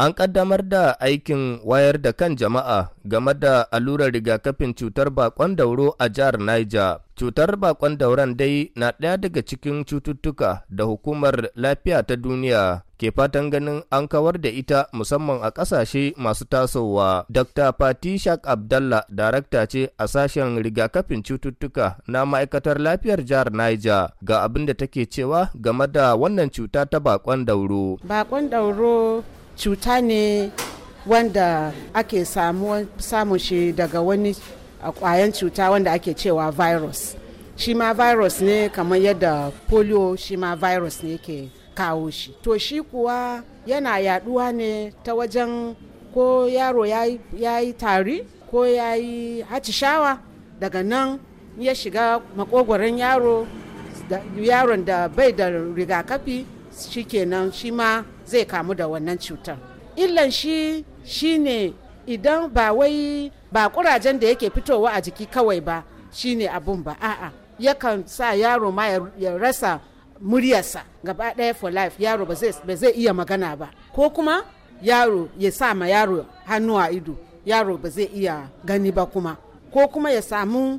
An ƙaddamar da aikin wayar da kan jama'a game da allurar rigakafin cutar bakon dauro a jihar Niger. Cutar bakon dauron dai na ɗaya daga cikin cututtuka da hukumar lafiya ta duniya ke fatan ganin an kawar da ita musamman a ƙasashe masu tasowa. Dr. Fati Shak Abdalla, darakta ce a sashen rigakafin cututtuka na ma'aikatar lafiyar jihar Niger ga abin da take cewa game da wannan cuta ta bakon dauro. Bakon dauro cuta ne wanda ake samun shi daga wani kwayan cuta wanda ake cewa virus shi ma virus ne kamar yadda polio shi ma virus ne ke kawo shi to shi kuwa yana yaduwa ne ta wajen ko yaro ya yi tari ko ya yi hatishawa daga nan ya shiga makogwaron yaro yaron da bai da rigakafi shikenan shi ma zai kamu da wannan cutar illan shi shine idan ba wai ba kurajen da yake fitowa a jiki kawai ba shine abun ba a'a yakan sa yaro ma ya rasa muryarsa gaba ɗaya for life yaro ba zai iya magana ba ko kuma yaro ya sa ma yaro hannu a ido yaro ba zai iya gani ba kuma ko kuma ya samu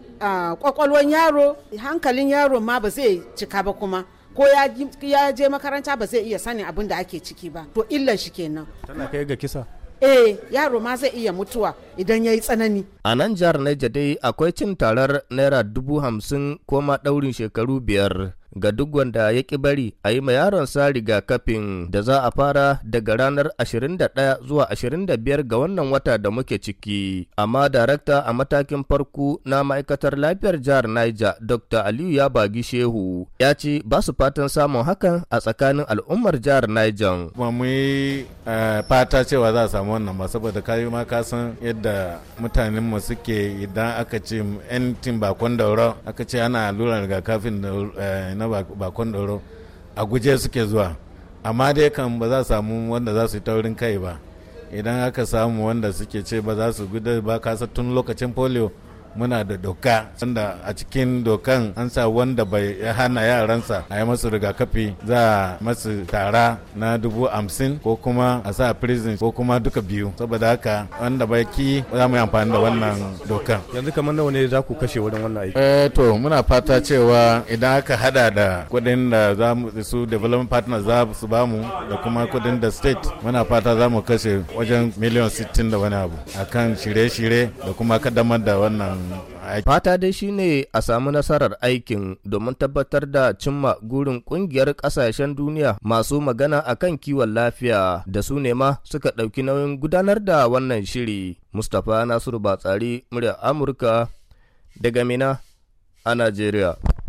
kwakwalwan ah, yaro hankalin yaro ma ba zai cika ba kuma ko ya je makaranta ba zai iya sanin abin da ake ciki ba to illan shi kenan tana kai ga kisa eh yaro ma zai iya mutuwa idan ya yi tsanani. A nan jihar Niger dai akwai cin tarar naira dubu hamsin ko ma ɗaurin shekaru biyar ga duk wanda ya ƙi bari a yi ma yaron yaronsa rigakafin da za a fara daga ranar 21 zuwa 25 ga wannan wata da muke ciki. Amma darakta a matakin farko na ma'aikatar lafiyar jihar Niger Dr. Aliyu ya bagi Shehu ya ce ba su fatan samun hakan a tsakanin al'ummar jihar Niger. Ba mu yi eh, fata cewa za a samu wannan ba saboda kayi ma ka san yadda mutanen mu suke idan aka ce 'yan bakon daura aka ce ana allurar rigakafin eh, na bakon ɗoro a guje suke zuwa amma dai kan ba za samu wanda za su yi taurin kai ba idan aka samu wanda suke ce ba za su gudu ba kasa tun lokacin polio muna da doka sanda a cikin dokan an sa wanda bai hana yaransa a yi masu rigakafi za a masu tara na dubu hamsin ko kuma a sa prison ko kuma duka biyu saboda haka wanda bai ki za mu yi amfani da wannan dokan yanzu kamar nawa ne za ku kashe wajen wannan aiki eh to muna fata cewa idan aka hada da kudin da za mu su development partners za su ba mu da kuma kudin da state muna fata za mu kashe wajen miliyan 60 da wani abu akan shirye-shirye da kuma kaddamar da wannan Fata dai shi ne a samu nasarar aikin domin tabbatar da cimma gurin kungiyar kasashen duniya masu magana a kan kiwon lafiya da su ne ma suka ɗauki nauyin gudanar da wannan shiri. Mustapha Nasiru Batsari, murya Amurka daga Mina a Najeriya.